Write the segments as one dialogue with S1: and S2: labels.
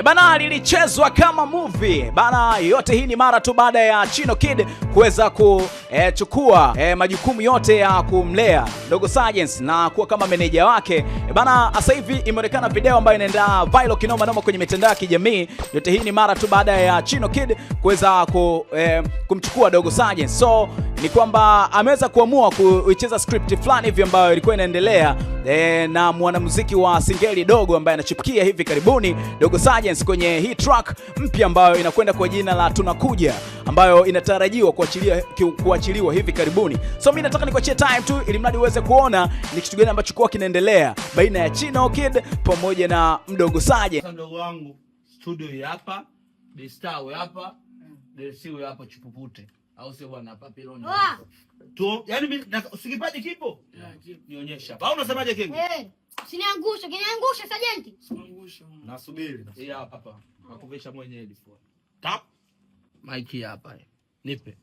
S1: Eh, bana, lilichezwa kama movie bana. Yote hii ni mara tu baada ya Chino Kid kuweza ku e, chukua e, majukumu yote ya kumlea Dogo Sajens na kuwa kama meneja wake e, bana. Sasa hivi imeonekana video ambayo inaenda viral kinoma noma kwenye mitandao ya kijamii. Yote hii ni mara tu baada ya Chino Kid kuweza ku, e, kumchukua Dogo Sajens, so ni kwamba ameweza kuamua kuicheza script fulani hivi ambayo ilikuwa inaendelea e, na mwanamuziki wa Singeli Dogo ambaye anachipukia hivi karibuni Dogo Sajens kwenye hii track mpya ambayo inakwenda kwa jina la Tunakuja ambayo inatarajiwa kuachilia kuachiliwa hivi karibuni. So mimi nataka nikuachie time tu, ili mradi uweze kuona ni kitu gani ambacho kwa kinaendelea baina ya Chino Kid pamoja na mdogo Saje.
S2: Mdogo wangu studio hapa, the star hapa, the sio hapa chupupute au sio bwana papiloni
S3: tu, yani mimi usikipaji kipo nionyesha, au unasemaje kingi?
S4: Eh, usiniangushe, kiniangushe sajenti,
S2: usiniangushe, nasubiri Hii hapa hapa, nakuvesha mwenyewe elfu tap mike hapa, nipe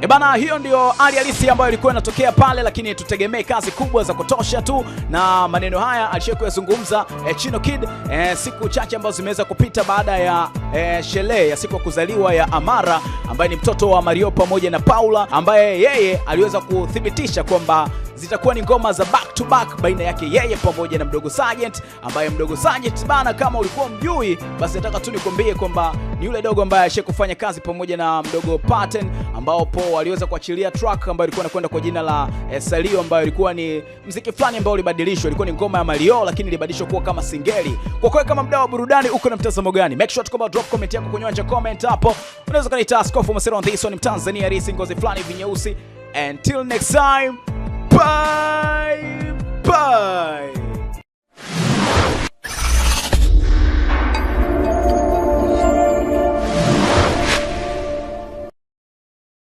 S1: Ebana, hiyo ndio hali halisi ambayo ilikuwa inatokea pale, lakini tutegemee kazi kubwa za kutosha tu, na maneno haya alishakuwa kuyazungumza eh, Chino Kid eh, siku chache ambazo zimeweza kupita baada ya eh, sherehe ya siku ya kuzaliwa ya Amara ambaye ni mtoto wa Mario pamoja na Paula ambaye yeye aliweza kuthibitisha kwamba zitakuwa ni ngoma za back to back baina yake yeye pamoja na mdogo Sergeant, ambaye mdogo Sergeant bana, kama ulikuwa mjui, basi nataka tu nikwambie kwamba ni yule dogo ambaye ashakufanya kazi pamoja na mdogo Paten ambao ambapo waliweza kuachilia track ambayo ilikuwa inakwenda kwa jina la eh, Salio ambayo ilikuwa ni mziki fulani ambao ulibadilishwa, ilikuwa ni ngoma ya Mario lakini ilibadilishwa kuwa kama singeli. Kwa kweli kama mdau wa burudani uko na mtazamo gani? Make sure tukomba drop comment yako kwenye anja comment hapo. Unaweza kuniita Askofu Masero on this one Mtanzania racing ngozi fulani vinyeusi. Until next time. Bye bye.